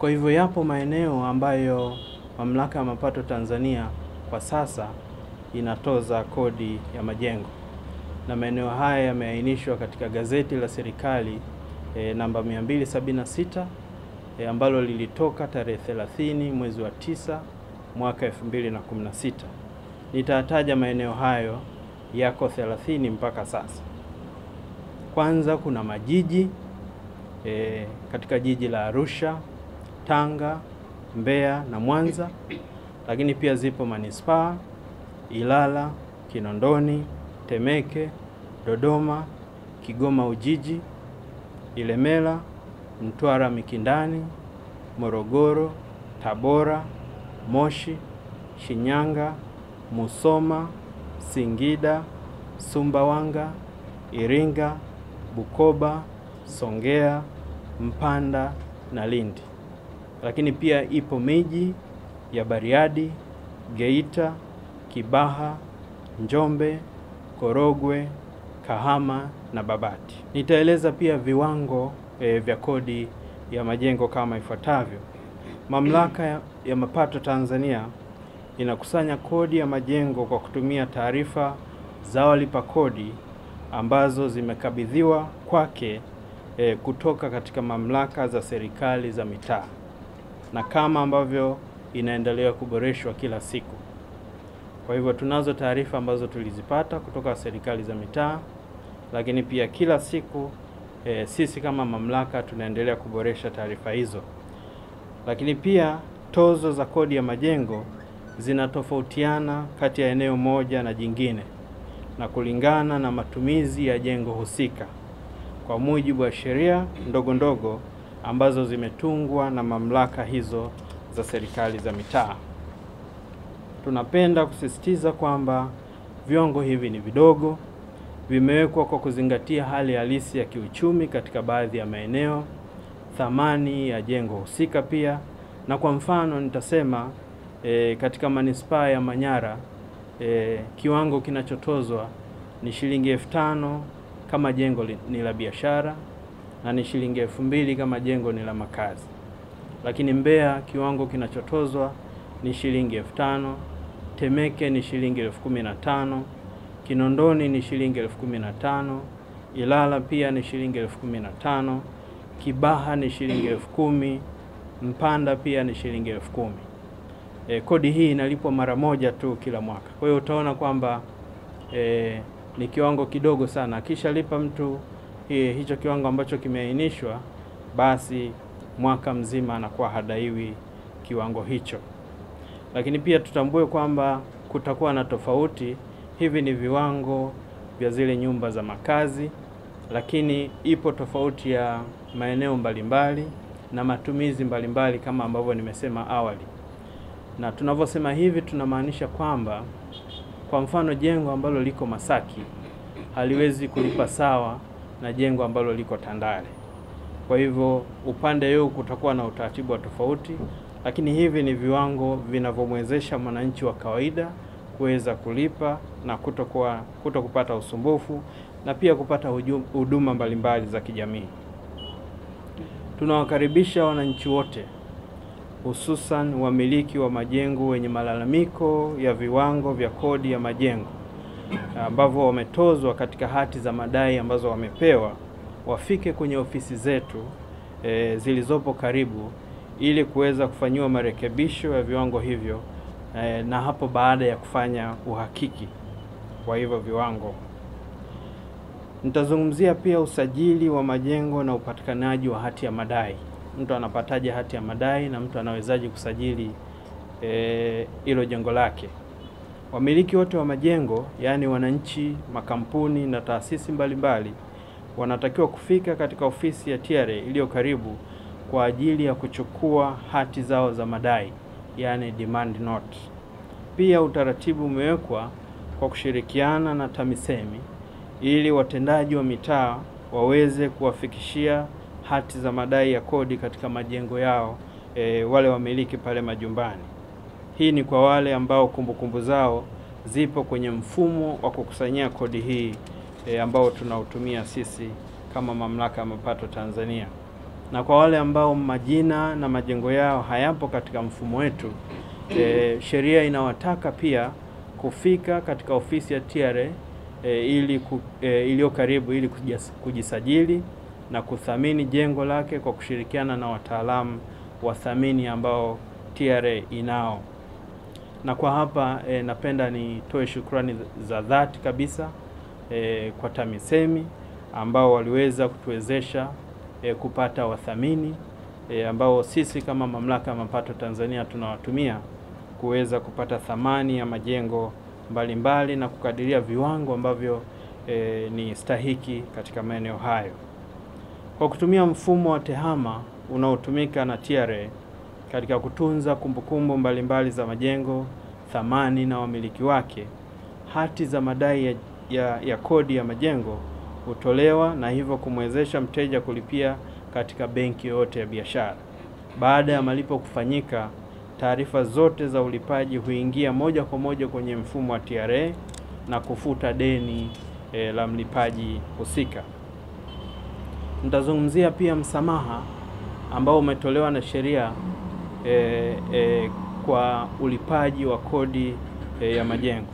Kwa hivyo yapo maeneo ambayo Mamlaka ya Mapato Tanzania kwa sasa inatoza kodi ya majengo na maeneo haya yameainishwa katika gazeti la serikali e, namba 276 e, eh, ambalo lilitoka tarehe 30 mwezi wa 9 mwaka 2016. Nitataja maeneo hayo yako 30 mpaka sasa. Kwanza kuna majiji e, katika jiji la Arusha Tanga, Mbeya na Mwanza, lakini pia zipo manispaa Ilala, Kinondoni, Temeke, Dodoma, Kigoma Ujiji, Ilemela, Mtwara Mikindani, Morogoro, Tabora, Moshi, Shinyanga, Musoma, Singida, Sumbawanga, Iringa, Bukoba, Songea, Mpanda na Lindi lakini pia ipo miji ya Bariadi, Geita, Kibaha, Njombe, Korogwe, Kahama na Babati. Nitaeleza pia viwango e, vya kodi ya majengo kama ifuatavyo. Mamlaka ya, ya Mapato Tanzania inakusanya kodi ya majengo kwa kutumia taarifa za walipa kodi ambazo zimekabidhiwa kwake e, kutoka katika mamlaka za serikali za mitaa na kama ambavyo inaendelea kuboreshwa kila siku. Kwa hivyo tunazo taarifa ambazo tulizipata kutoka serikali za mitaa, lakini pia kila siku e, sisi kama mamlaka tunaendelea kuboresha taarifa hizo. Lakini pia tozo za kodi ya majengo zinatofautiana kati ya eneo moja na jingine na kulingana na matumizi ya jengo husika. Kwa mujibu wa sheria ndogo ndogo ambazo zimetungwa na mamlaka hizo za serikali za mitaa. Tunapenda kusisitiza kwamba viwango hivi ni vidogo, vimewekwa kwa kuzingatia hali halisi ya kiuchumi katika baadhi ya maeneo, thamani ya jengo husika pia. Na kwa mfano nitasema e, katika manispaa ya Manyara e, kiwango kinachotozwa ni shilingi elfu tano kama jengo ni la biashara na ni shilingi elfu mbili kama jengo ni la makazi. Lakini Mbeya kiwango kinachotozwa ni shilingi elfu tano Temeke ni shilingi elfu kumi na tano Kinondoni ni shilingi elfu kumi na tano Ilala pia ni shilingi elfu kumi na tano Kibaha ni shilingi elfu kumi Mpanda pia ni shilingi elfu kumi E, kodi hii inalipwa mara moja tu kila mwaka. Kwa hiyo utaona kwamba e, ni kiwango kidogo sana. Akishalipa mtu hii, hicho kiwango ambacho kimeainishwa, basi mwaka mzima anakuwa hadaiwi kiwango hicho. Lakini pia tutambue kwamba kutakuwa na tofauti. Hivi ni viwango vya zile nyumba za makazi, lakini ipo tofauti ya maeneo mbalimbali na matumizi mbalimbali kama ambavyo nimesema awali. Na tunavyosema hivi tunamaanisha kwamba, kwa mfano, jengo ambalo liko Masaki haliwezi kulipa sawa na jengo ambalo liko Tandale. Kwa hivyo upande huu kutakuwa na utaratibu wa tofauti, lakini hivi ni viwango vinavyomwezesha mwananchi wa kawaida kuweza kulipa na kutokuwa kuto kupata usumbufu na pia kupata huduma mbalimbali za kijamii. Tunawakaribisha wananchi wote hususan wamiliki wa majengo wenye malalamiko ya viwango vya kodi ya majengo ambavyo wametozwa katika hati za madai ambazo wamepewa wafike kwenye ofisi zetu e, zilizopo karibu ili kuweza kufanyiwa marekebisho ya viwango hivyo e, na hapo baada ya kufanya uhakiki wa hivyo viwango. Nitazungumzia pia usajili wa majengo na upatikanaji wa hati ya madai. Mtu anapataje hati ya madai na mtu anawezaje kusajili eh, hilo e, jengo lake. Wamiliki wote wa majengo, yaani wananchi, makampuni na taasisi mbalimbali, wanatakiwa kufika katika ofisi ya TRA iliyo karibu kwa ajili ya kuchukua hati zao za madai, yaani demand note. Pia utaratibu umewekwa kwa kushirikiana na TAMISEMI ili watendaji wa mitaa waweze kuwafikishia hati za madai ya kodi katika majengo yao, e, wale wamiliki pale majumbani. Hii ni kwa wale ambao kumbukumbu kumbu zao zipo kwenye mfumo wa kukusanyia kodi hii e, ambao tunautumia sisi kama Mamlaka ya Mapato Tanzania, na kwa wale ambao majina na majengo yao hayapo katika mfumo wetu e, sheria inawataka pia kufika katika ofisi ya TRA e, eh, ili ku, e, iliyo karibu ili kujisajili na kuthamini jengo lake kwa kushirikiana na wataalamu wathamini ambao TRA inao na kwa hapa e, napenda nitoe shukrani za dhati kabisa e, kwa TAMISEMI ambao waliweza kutuwezesha e, kupata wathamini e, ambao sisi kama Mamlaka ya Mapato Tanzania tunawatumia kuweza kupata thamani ya majengo mbalimbali mbali na kukadiria viwango ambavyo e, ni stahiki katika maeneo hayo. Kwa kutumia mfumo wa TEHAMA unaotumika na TRA katika kutunza kumbukumbu mbalimbali za majengo, thamani na wamiliki wake. Hati za madai ya, ya, ya kodi ya majengo hutolewa na hivyo kumwezesha mteja kulipia katika benki yoyote ya biashara. Baada ya malipo kufanyika, taarifa zote za ulipaji huingia moja kwa moja kwenye mfumo wa TRA na kufuta deni e, la mlipaji husika. Nitazungumzia pia msamaha ambao umetolewa na sheria e, e, kwa ulipaji wa kodi e, ya majengo,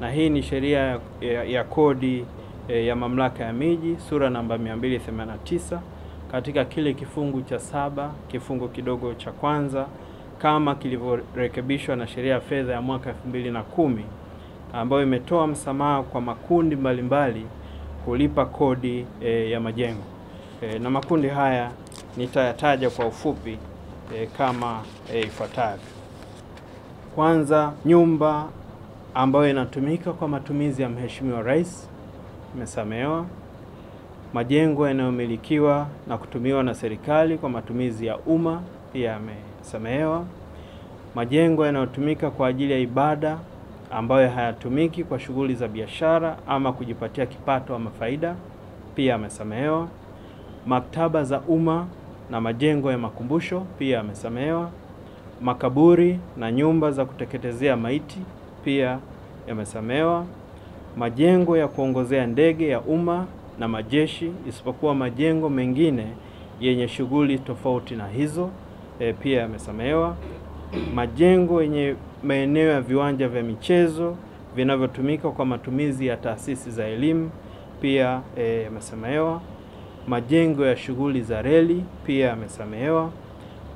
na hii ni sheria ya, ya kodi e, ya mamlaka ya miji sura namba 289 katika kile kifungu cha saba kifungu kidogo cha kwanza kama kilivyorekebishwa na sheria ya fedha ya mwaka 2010 ambayo imetoa msamaha kwa makundi mbalimbali mbali kulipa kodi e, ya majengo e, na makundi haya nitayataja kwa ufupi e, kama e, ifuatavyo. Kwanza, nyumba ambayo inatumika kwa matumizi ya Mheshimiwa Rais imesamehewa. Majengo yanayomilikiwa na kutumiwa na serikali kwa matumizi ya umma pia yamesamehewa. Majengo yanayotumika kwa ajili ya ibada ambayo hayatumiki kwa shughuli za biashara ama kujipatia kipato ama faida pia yamesamehewa. Maktaba za umma na majengo ya makumbusho pia yamesamehewa. Makaburi na nyumba za kuteketezea maiti pia yamesamehewa. Majengo ya kuongozea ndege ya umma na majeshi, isipokuwa majengo mengine yenye shughuli tofauti na hizo e, pia yamesamehewa. Majengo yenye maeneo ya viwanja vya michezo vinavyotumika kwa matumizi ya taasisi za elimu pia eh, yamesamehewa. Majengo ya shughuli za reli pia yamesamehewa.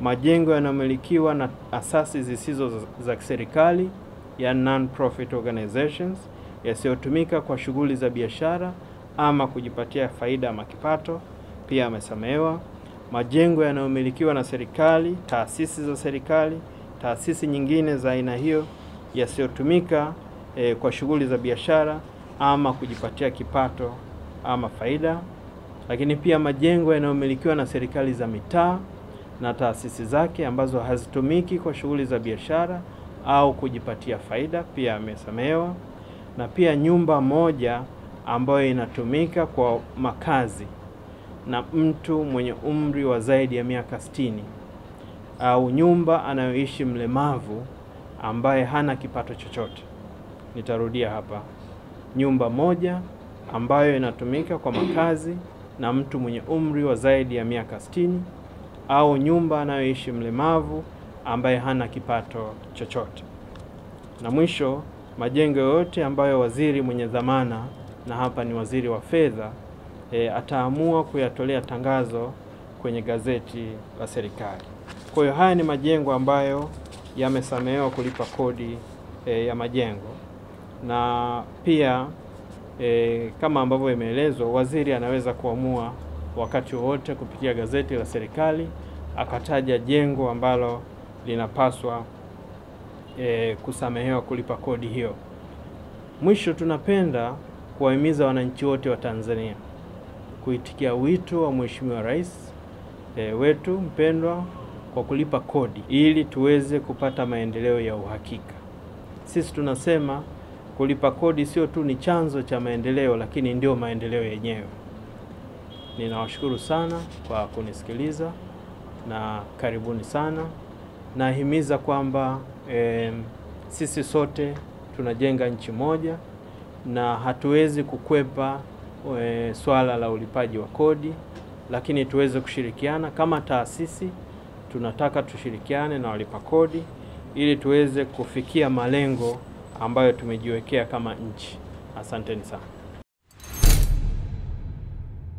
Majengo yanayomilikiwa na asasi zisizo za kiserikali ya non-profit organizations yasiyotumika kwa shughuli za biashara ama kujipatia faida ama kipato pia yamesamehewa. Majengo yanayomilikiwa na serikali, taasisi za serikali, taasisi nyingine za aina hiyo yasiyotumika eh, kwa shughuli za biashara ama kujipatia kipato ama faida lakini pia majengo yanayomilikiwa na serikali za mitaa na taasisi zake ambazo hazitumiki kwa shughuli za biashara au kujipatia faida pia amesamehewa, na pia nyumba moja ambayo inatumika kwa makazi na mtu mwenye umri wa zaidi ya miaka sitini au nyumba anayoishi mlemavu ambaye hana kipato chochote. Nitarudia hapa, nyumba moja ambayo inatumika kwa makazi na mtu mwenye umri wa zaidi ya miaka 60 au nyumba anayoishi mlemavu ambaye hana kipato chochote. Na mwisho, majengo yote ambayo waziri mwenye dhamana, na hapa ni waziri wa fedha e, ataamua kuyatolea tangazo kwenye gazeti la serikali. Kwa hiyo haya ni majengo ambayo yamesamehewa kulipa kodi e, ya majengo na pia e, kama ambavyo imeelezwa, waziri anaweza kuamua wakati wowote kupitia gazeti la serikali akataja jengo ambalo linapaswa e, kusamehewa kulipa kodi hiyo. Mwisho, tunapenda kuwahimiza wananchi wote wa Tanzania kuitikia wito wa Mheshimiwa Rais e, wetu mpendwa kwa kulipa kodi ili tuweze kupata maendeleo ya uhakika. Sisi tunasema kulipa kodi sio tu ni chanzo cha maendeleo, lakini ndio maendeleo yenyewe. Ninawashukuru sana kwa kunisikiliza na karibuni sana. Nahimiza kwamba e, sisi sote tunajenga nchi moja na hatuwezi kukwepa e, swala la ulipaji wa kodi, lakini tuweze kushirikiana kama taasisi. Tunataka tushirikiane na walipa kodi ili tuweze kufikia malengo ambayo tumejiwekea kama nchi. Asanteni sana.